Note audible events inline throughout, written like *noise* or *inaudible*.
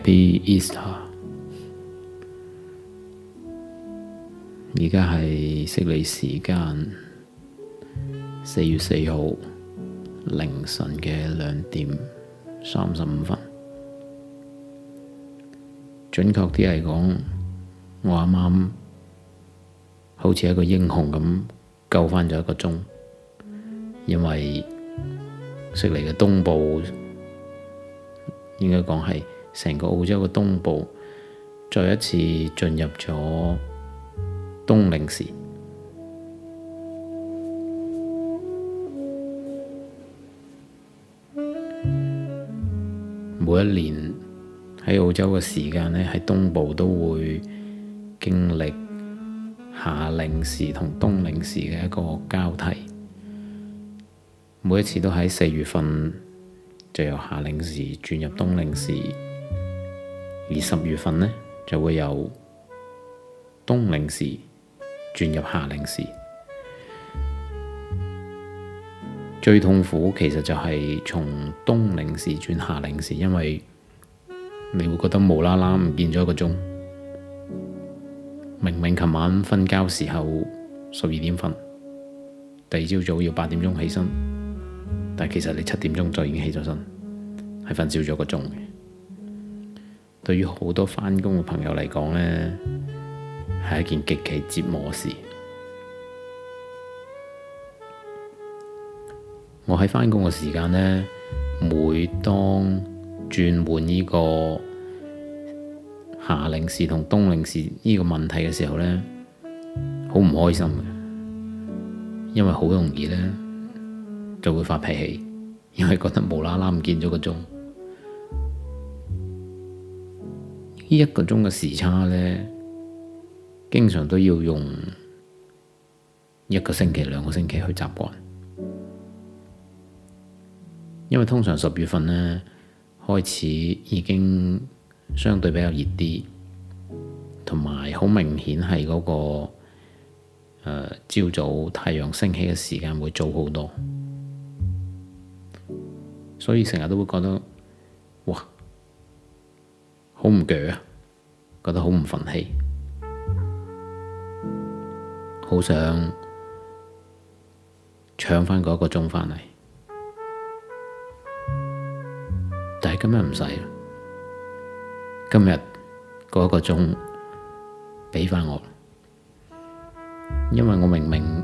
Happy Easter！而家係悉尼時間四月四號凌晨嘅兩點三十五分，準確啲嚟講，我啱啱好似一個英雄咁救翻咗一個鐘，因為悉尼嘅東部應該講係。成個澳洲嘅東部再一次進入咗冬令時。每一年喺澳洲嘅時間咧，喺東部都會經歷夏令時同冬令時嘅一個交替。每一次都喺四月份就由夏令時轉入冬令時。而十月份呢，就會由冬令時轉入夏令時。最痛苦其實就係從冬令時轉夏令時，因為你會覺得無啦啦唔見咗一個鐘。明明琴晚瞓覺時候十二點瞓，第二朝早要八點鐘起身，但其實你七點鐘就已經起咗身，係瞓少咗一個鐘嘅。對於好多返工嘅朋友嚟講呢，係一件極其折磨事。我喺返工嘅時間呢，每當轉換呢個夏令時同冬令時呢個問題嘅時候呢，好唔開心，因為好容易呢就會發脾氣，因為覺得無啦啦唔見咗個鐘。呢一個鐘嘅時，時差呢，經常都要用一個星期兩個星期去習慣，因為通常十月份呢開始已經相對比較熱啲，同埋好明顯係嗰個誒、呃、朝早太陽升起嘅時間會早好多，所以成日都會覺得。好唔鋸啊！覺得好唔忿氣，好想搶返嗰一個鐘返嚟，但係今日唔使，今日嗰一個鐘畀返我，因為我明明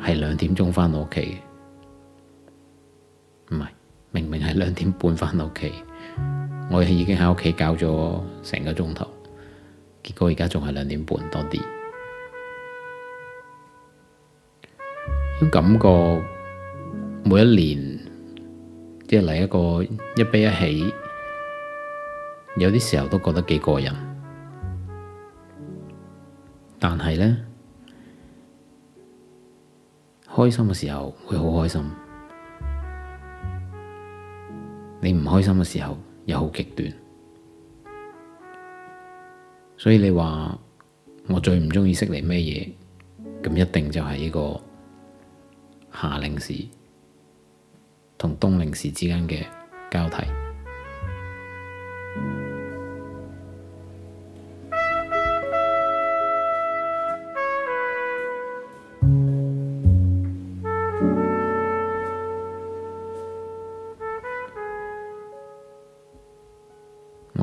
係兩點鐘返到屋企嘅，唔係，明明係兩點半返到屋企。我已經喺屋企搞咗成個鐘頭，結果而家仲係兩點半多啲。咁感覺每一年即係嚟，一個一悲一喜，有啲時候都覺得幾過癮。但係咧，開心嘅時候會好開心，你唔開心嘅時候。又好極端，所以你話我最唔中意識你咩嘢？咁一定就係呢個夏令時同冬令時之間嘅交替。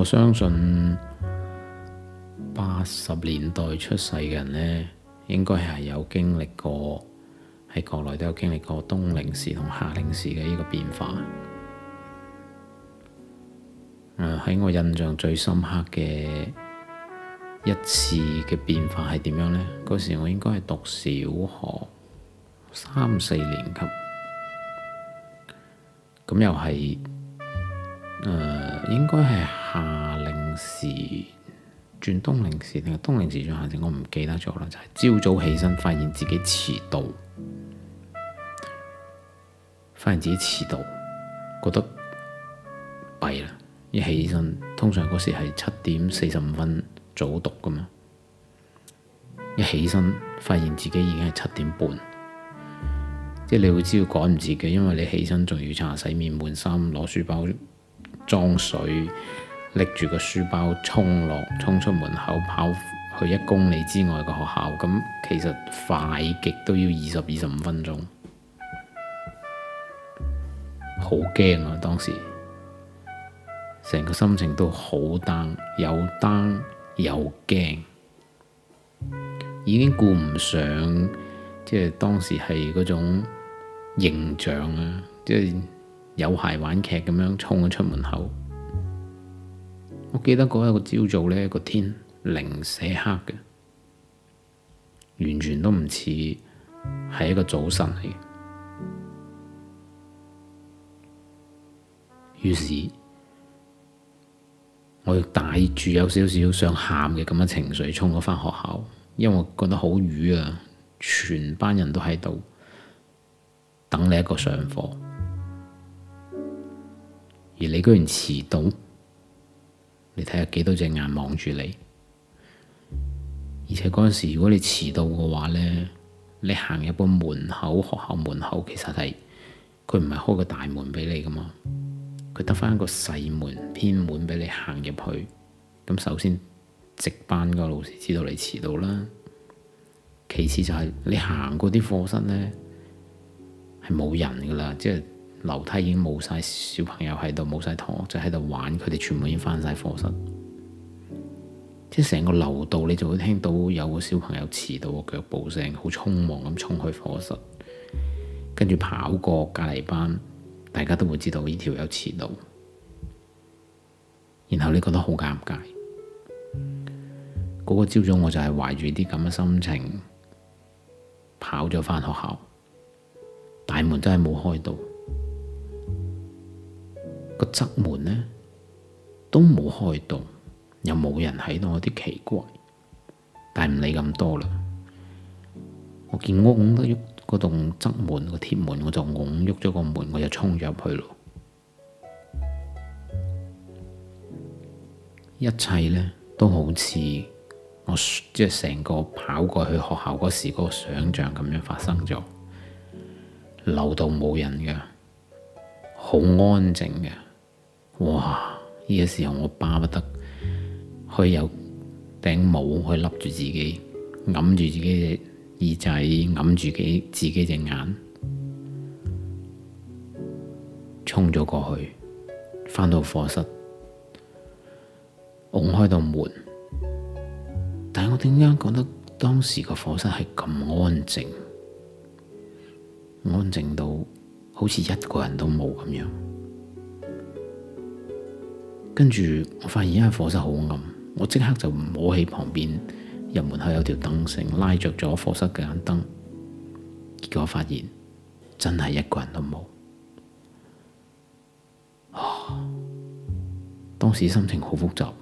相信八十年代出世嘅人呢，應該係有經歷過。喺國內都有經歷過冬令時同夏令時嘅呢個變化。呃、喺我印象最深刻嘅一次嘅變化係點樣呢？嗰時我應該係讀小學三四年級。咁又係、呃、應該係。夏令時轉冬令時，定係冬令時轉夏我唔記得咗啦。就係朝早起身，發現自己遲到，發現自己遲到，覺得弊啦。一起身，通常嗰時係七點四十五分早讀咁啊。一起身，發現自己已經係七點半，即係你會知道趕唔住嘅，因為你起身仲要擦洗面、換衫、攞書包、裝水。拎住個書包衝落，衝出門口跑去一公里之外個學校，咁其實快極都要二十二十五分鐘，好驚啊！當時成個心情都好 down，有 down 又驚，已經顧唔上，即係當時係嗰種形象啊，即係冇鞋挽屐咁樣衝咗出門口。我記得嗰日個朝早咧，個天零舍黑嘅，完全都唔似係一個早晨嚟。於是，我要帶住有少少想喊嘅咁嘅情緒，衝咗返學校，因為我覺得好瘀啊，全班人都喺度等你一個上課，而你居然遲到。你睇下幾多隻眼望住你，而且嗰陣時如果你遲到嘅話呢，你行入個門口，學校門口其實係佢唔係開個大門俾你噶嘛，佢得返個細門偏門俾你行入去。咁首先，值班個老師知道你遲到啦，其次就係你行過啲課室呢，係冇人噶啦，即係。樓梯已經冇晒小朋友喺度，冇曬同學仔喺度玩。佢哋全部已經返晒課室，即係成個樓道，你就會聽到有個小朋友遲到嘅腳步聲，好匆忙咁衝去課室，跟住跑過隔離班，大家都會知道呢條友遲到。然後你覺得好尷尬。嗰、那個朝早我就係懷住啲咁嘅心情跑咗返學校，大門真係冇開到。個側門呢都冇開到，又冇人喺度，有啲奇怪，但唔理咁多啦。我見我拱得喐，嗰棟側門個鐵門，我就拱喐咗個門，我就衝咗入去咯。一切呢都好似我即係成個跑過去學校嗰時個想象咁樣發生咗，樓道冇人嘅，好安靜嘅。哇！呢、這個時候我巴不得佢有頂帽去笠住自己，揞住自己隻耳仔，揞住己自己隻眼，衝咗過去，返到課室，拱開道門。但係我點解覺得當時個課室係咁安靜，安靜到好似一個人都冇咁樣？跟住，我發現一間課室好暗，我即刻就摸喺旁邊入門口有條燈繩，拉着咗課室嘅盞燈。結果發現真係一個人都冇。哦，當時心情好複雜，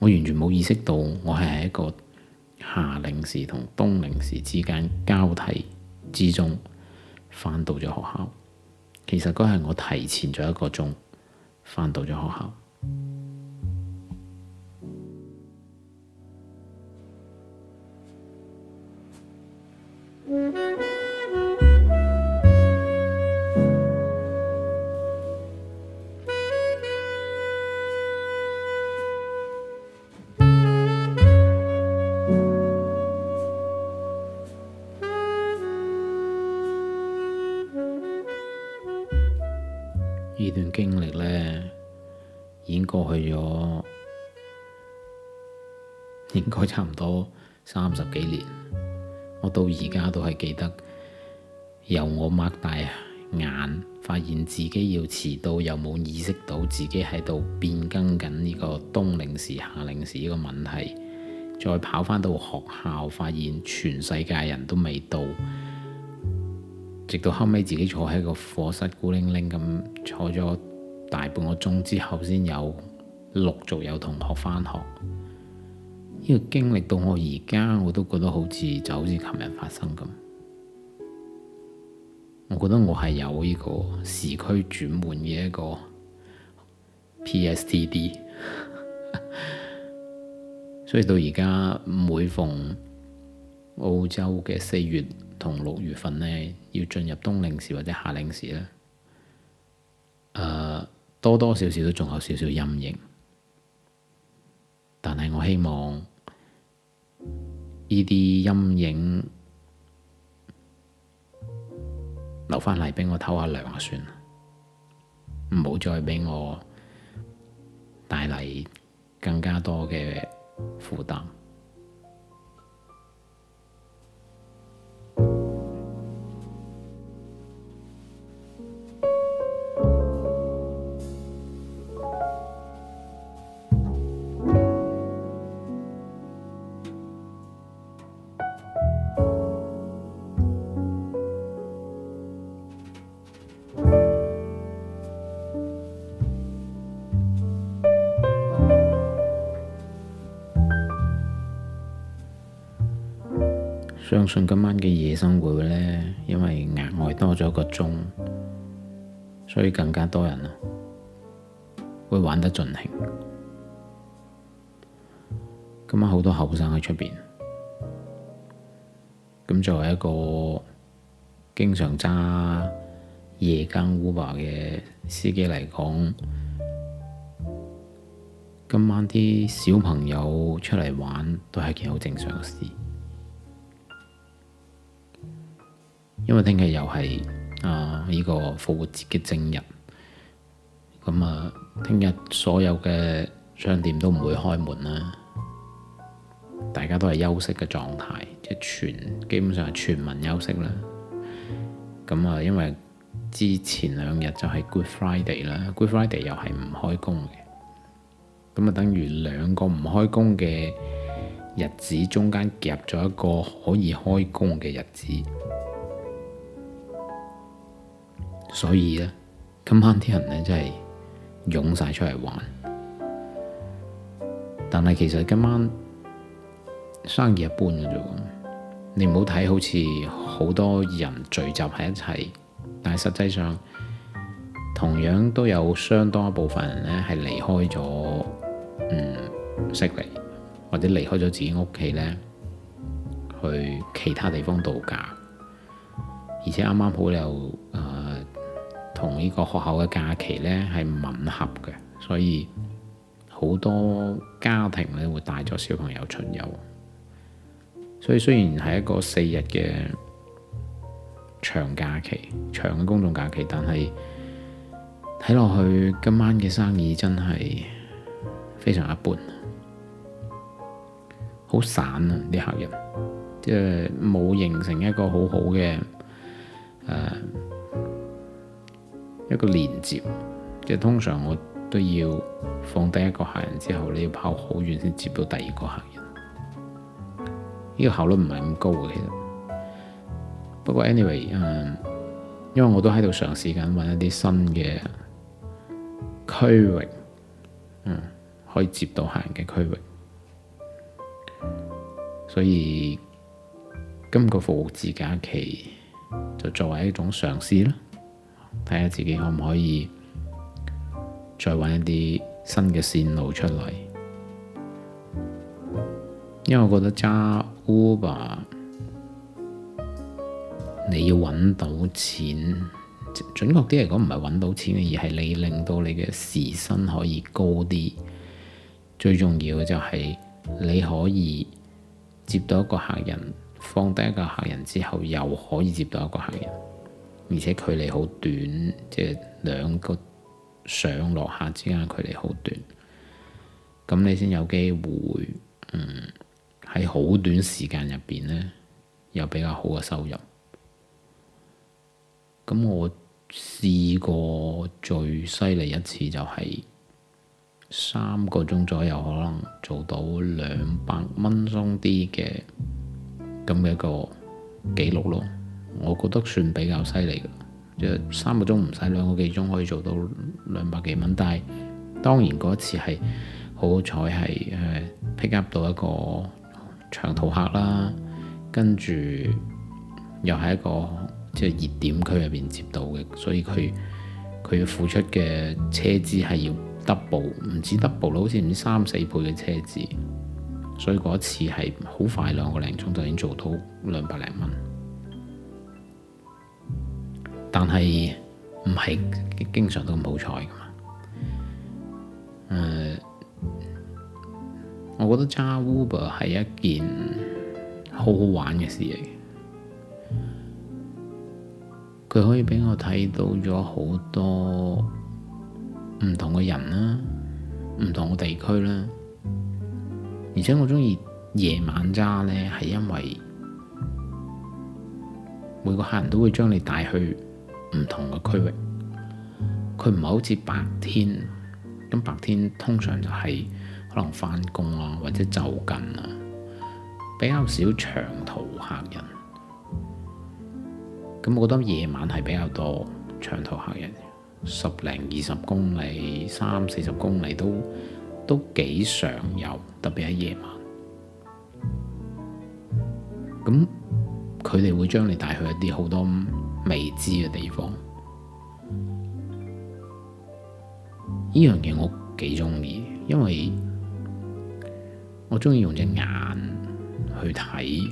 我完全冇意識到我係喺一個夏令時同冬令時之間交替之中返到咗學校。其實嗰日我提前咗一個鐘。翻到咗學校。過去咗，應該差唔多三十幾年。我到而家都係記得，由我擘大眼，發現自己要遲到，又冇意識到自己喺度變更緊呢個冬令時夏令時呢個問題，再跑返到學校，發現全世界人都未到，直到後尾自己坐喺個課室孤零零咁坐咗。大半個鐘之後先有陸續有同學返學，呢個經歷到我而家我都覺得好似就好似琴日發生咁。我覺得我係有呢個時區轉換嘅一個 PSTD， *laughs* 所以到而家每逢澳洲嘅四月同六月份呢，要進入冬令時或者夏令時咧，呃多多少少都仲有少少陰影，但係我希望呢啲陰影留翻嚟畀我偷下涼就算啦，唔好再畀我帶嚟更加多嘅負擔。相信今晚嘅夜生活咧，因為額外多咗個鐘，所以更加多人啦，會玩得盡興。今晚好多後生喺出邊，咁作為一個經常揸夜間 Uber 嘅司機嚟講，今晚啲小朋友出嚟玩都係件好正常嘅事。因為聽日又係啊呢個復活節嘅正日，咁啊，聽日所有嘅商店都唔會開門啦。大家都係休息嘅狀態，即係全基本上係全民休息啦。咁啊，因為之前兩日就係 Good Friday 啦，Good Friday 又係唔開工嘅，咁啊，等於兩個唔開工嘅日子中間夾咗一個可以開工嘅日子。所以咧，今晚啲人咧真係湧晒出嚟玩。但係其實今晚生意一般嘅啫。你唔好睇好似好多人聚集喺一齊，但係實際上同樣都有相當一部分人咧係離開咗嗯悉尼，或者離開咗自己屋企咧，去其他地方度假。而且啱啱好有，誒、呃。同呢個學校嘅假期呢係吻合嘅，所以好多家庭呢會帶咗小朋友巡遊。所以雖然係一個四日嘅長假期，長嘅公眾假期，但係睇落去今晚嘅生意真係非常一般，好散啊！啲客人即係冇形成一個好好嘅、呃一個連接，即通常我都要放低一個客人之後，你要跑好遠先接到第二個客人，呢個效率唔係咁高嘅。其實，不過 anyway，嗯，因為我都喺度嘗試緊揾一啲新嘅區域，嗯，可以接到客人嘅區域，所以今個服務節假期就作為一種嘗試啦。睇下自己可唔可以再揾一啲新嘅線路出嚟，因為我覺得揸 Uber 你要揾到錢，準確啲嚟講唔係揾到錢嘅，而係你令到你嘅時薪可以高啲。最重要嘅就係你可以接到一個客人，放低一個客人之後，又可以接到一個客人。而且距離好短，即係兩個上落下之間距離好短，咁你先有機會，嗯，喺好短時間入邊呢，有比較好嘅收入。咁我試過最犀利一次就係三個鐘左右，可能做到兩百蚊鐘啲嘅咁嘅一個記錄咯。我覺得算比較犀利嘅，就三個鐘唔使兩個幾鐘可以做到兩百幾蚊。但係當然嗰一次係好彩係誒 pick up 到一個長途客啦，跟住又係一個即係熱點區入邊接到嘅，所以佢佢付出嘅車資係要 double，唔止 double 咯，好似唔知三四倍嘅車資。所以嗰一次係好快兩個零鐘就已經做到兩百零蚊。但係唔係經常都咁好彩噶嘛？誒、嗯，我覺得揸 Uber 係一件好好玩嘅事嚟，佢可以畀我睇到咗好多唔同嘅人啦，唔同嘅地區啦。而且我鍾意夜晚揸咧，係因為每個客人都會將你帶去唔同嘅區域，佢唔係好似白天，咁白天通常就係可能返工啊，或者就近啊，比較少長途客人。咁我覺得夜晚係比較多長途客人，十零二十公里、三四十公里都都幾常有，特別喺夜晚。咁佢哋會將你帶去一啲好多。未知嘅地方，呢樣嘢我幾鍾意，因為我鍾意用隻眼去睇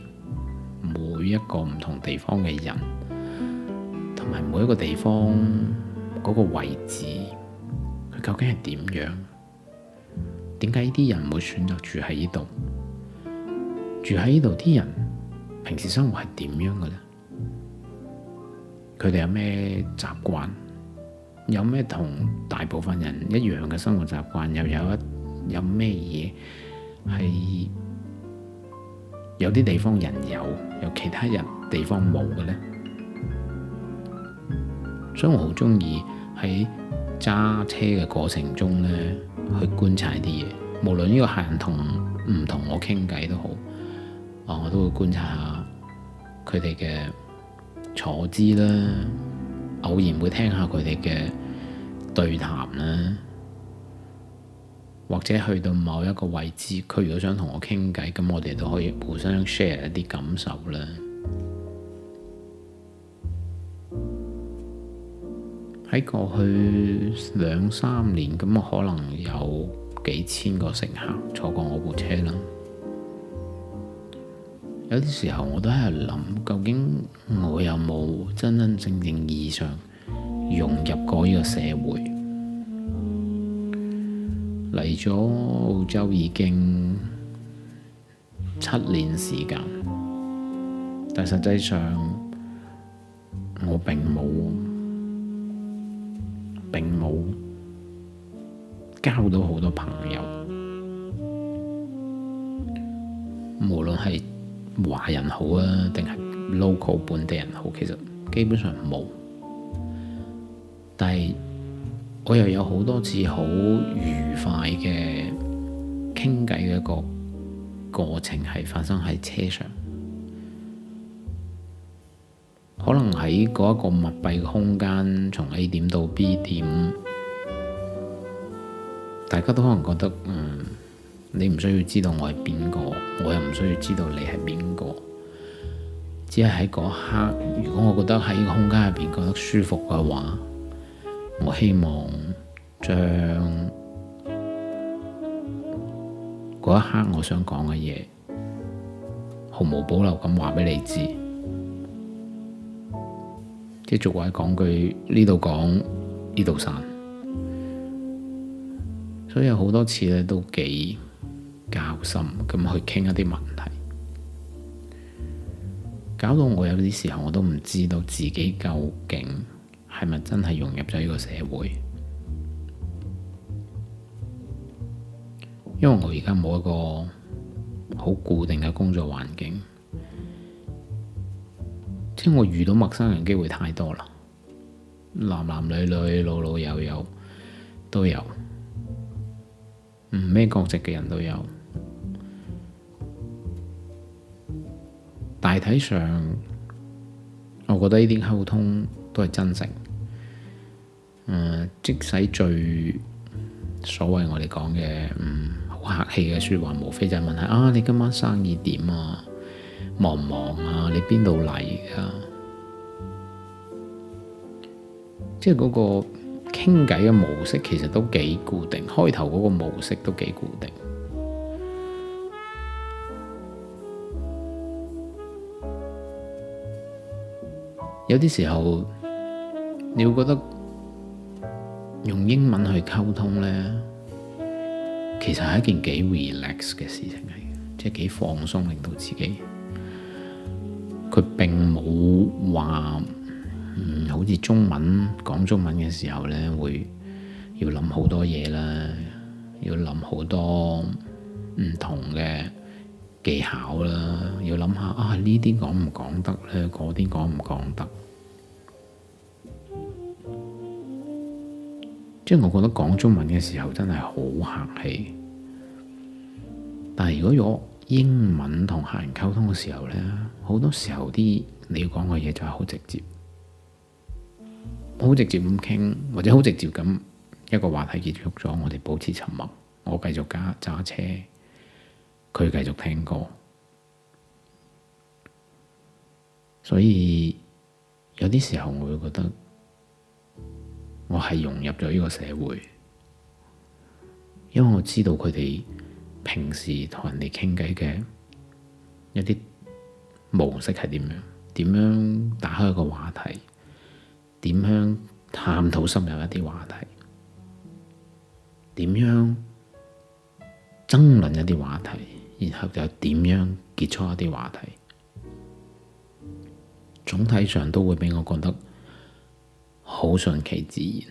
每一個唔同地方嘅人，同埋每一個地方嗰個位置，佢究竟係點樣？點解呢啲人會選擇住喺呢度？住喺呢度啲人平時生活係點樣嘅呢？佢哋有咩習慣？有咩同大部分人一樣嘅生活習慣？又有，有一有咩嘢係有啲地方人有，有其他人地方冇嘅呢？所以我好中意喺揸車嘅過程中呢，去觀察啲嘢。無論呢個客人同唔同我傾偈都好，啊，我都會觀察下佢哋嘅。坐姿啦，偶然會聽下佢哋嘅對談啦，或者去到某一個位置，佢如果想同我傾偈，咁我哋都可以互相 share 一啲感受啦。喺過去兩三年，咁我可能有幾千個乘客坐過我部車啦。有啲時候我都喺度諗，究竟我有冇真真正正意義上融入過呢個社會？嚟咗澳洲已經七年時間，但實際上我並冇並冇交到好多朋友，無論係，華人好啊，定係 local 本地人好？其實基本上冇，但係我又有好多次好愉快嘅傾偈嘅一個過程係發生喺車上，可能喺嗰一個密閉嘅空間，從 A 點到 B 點，大家都可能覺得嗯。你唔需要知道我係邊個，我又唔需要知道你係邊個，只係喺嗰刻，如果我覺得喺呢個空間入邊覺得舒服嘅話，我希望將嗰一刻我想講嘅嘢，毫無保留咁話俾你知。即係俗話講句，呢度講，呢度散。所以有好多次咧都幾～交心咁去傾一啲問題，搞到我有啲時候我都唔知道自己究竟係咪真係融入咗呢個社會，因為我而家冇一個好固定嘅工作環境，即係我遇到陌生人機會太多啦，男男女女老老友友都有。唔咩國籍嘅人都有，大體上，我覺得呢啲溝通都係真誠，嗯。即使最所謂我哋講嘅好客氣嘅説話，無非就係問下啊，你今晚生意點啊，忙唔忙啊，你邊度嚟啊，即係嗰個。傾偈嘅模式其實都幾固定，開頭嗰個模式都幾固定。有啲時候，你會覺得用英文去溝通呢，其實係一件幾 relax 嘅事情嚟，即係幾放鬆，令到自己佢並冇。好似中文講中文嘅時候咧，會要諗好多嘢啦，要諗好多唔同嘅技巧啦，要諗下啊講，講呢啲講唔講得咧，嗰啲講唔講得？即係我覺得講中文嘅時候真係好客氣，但係如果用英文同客人溝通嘅時候咧，好多時候啲你要講嘅嘢就係好直接。好直接咁傾，或者好直接咁一個話題結束咗，我哋保持沉默。我繼續揸揸車，佢繼續聽歌。所以有啲時候我會覺得，我係融入咗呢個社會，因為我知道佢哋平時同人哋傾偈嘅一啲模式係點樣，點樣打開個話題。點樣探討深入一啲話題？點樣爭論一啲話題？然後又點樣結束一啲話題？總體上都會俾我覺得好順其自然，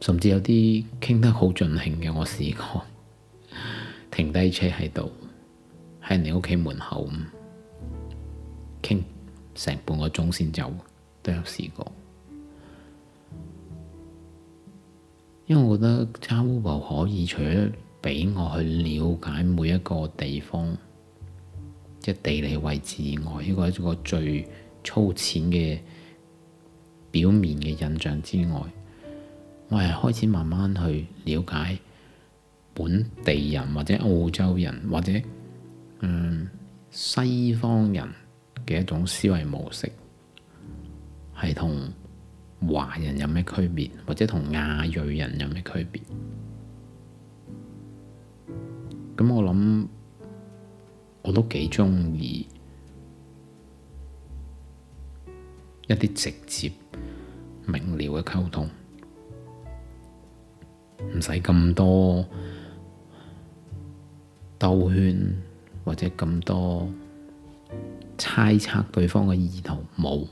甚至有啲傾得好盡興嘅。我試過停低車喺度，喺你屋企門口。成半個鐘先走，都有試過。因為我覺得揸 Uber 可以除咗畀我去了解每一個地方，即係地理位置以外，呢個係一個最粗淺嘅表面嘅印象之外，我係開始慢慢去了解本地人或者澳洲人或者嗯西方人，嘅一種思維模式，係同華人有咩區別，或者同亞裔人有咩區別？咁我諗，我都幾鍾意一啲直接明瞭嘅溝通，唔使咁多兜圈，或者咁多。猜測對方嘅意圖冇，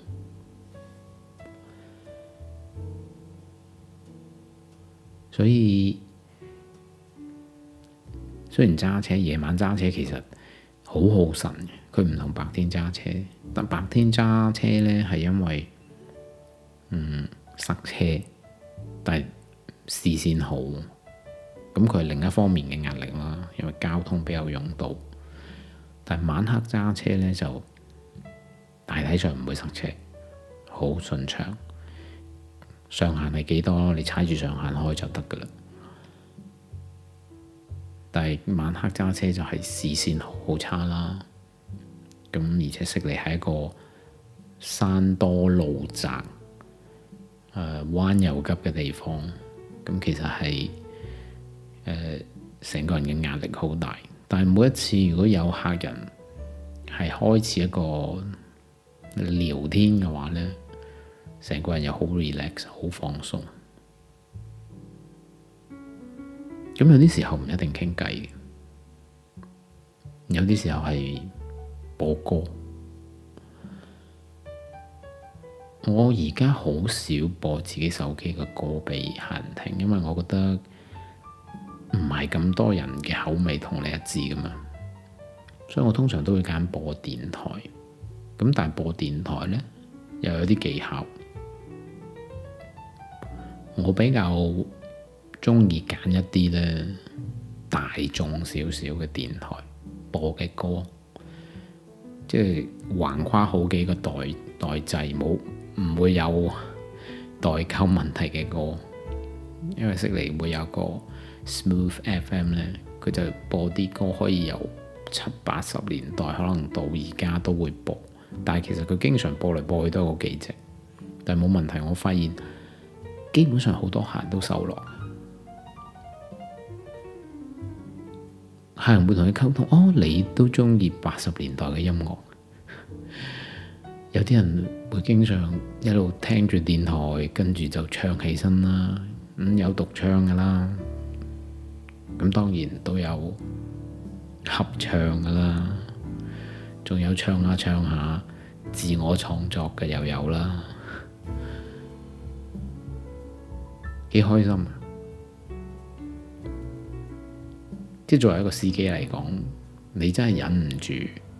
所以雖然揸車，夜晚揸車其實好耗神，佢唔同白天揸車。但白天揸車呢係因為嗯塞車，但視線好，咁佢係另一方面嘅壓力啦，因為交通比較擁堵。但晚黑揸車呢就。大體上唔會塞車，好順暢。上限係幾多？你猜住上限開就得噶啦。但係晚黑揸車就係視線好差啦。咁而且悉尼係一個山多路窄、誒彎又急嘅地方。咁其實係呃、成個人嘅壓力好大。但係每一次如果有客人係開始一個。聊天嘅話呢，成個人又好 relax，好放鬆。咁有啲時候唔一定傾偈，有啲時候係播歌。我而家好少播自己手機嘅歌畀客人聽，因為我覺得唔係咁多人嘅口味同你一致噶嘛，所以我通常都會揀播電台。咁但係播電台呢，又有啲技巧。我比較中意揀一啲呢大眾少少嘅電台播嘅歌，即係橫跨好幾個代代際，冇唔會有代溝問題嘅歌。因為悉尼會有個 Smooth FM 呢，佢就播啲歌可以由七八十年代可能到而家都會播。但係其實佢經常播嚟播去都係個幾隻，但係冇問題。我發現基本上好多客人都收落，客人會同佢溝通哦，你都中意八十年代嘅音樂？ *laughs* 有啲人會經常一路聽住電台，跟住就唱起身、嗯、啦，咁有獨唱噶啦，咁當然都有合唱噶啦。仲有唱下唱下，自我創作嘅又有啦，幾開心啊！即係作為一個司機嚟講，你真係忍唔住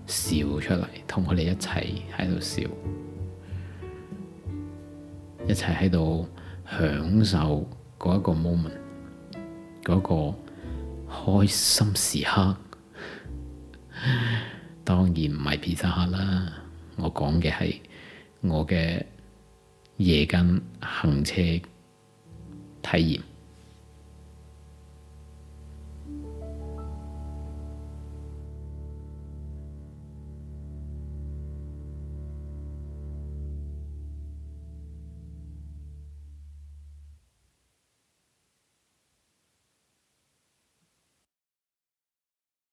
笑出嚟，同佢哋一齊喺度笑，一齊喺度享受嗰一個 moment，嗰個開心時刻。當然唔係披薩客啦，我講嘅係我嘅夜間行車體驗。